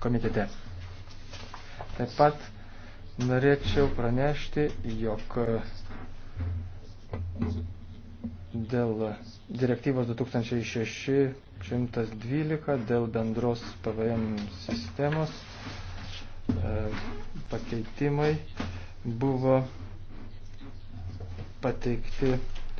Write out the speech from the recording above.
komitete. Taip pat norėčiau pranešti, jog e, dėl direktyvos 2612 dėl bendros PVM sistemos e, pakeitimai buvo pateikti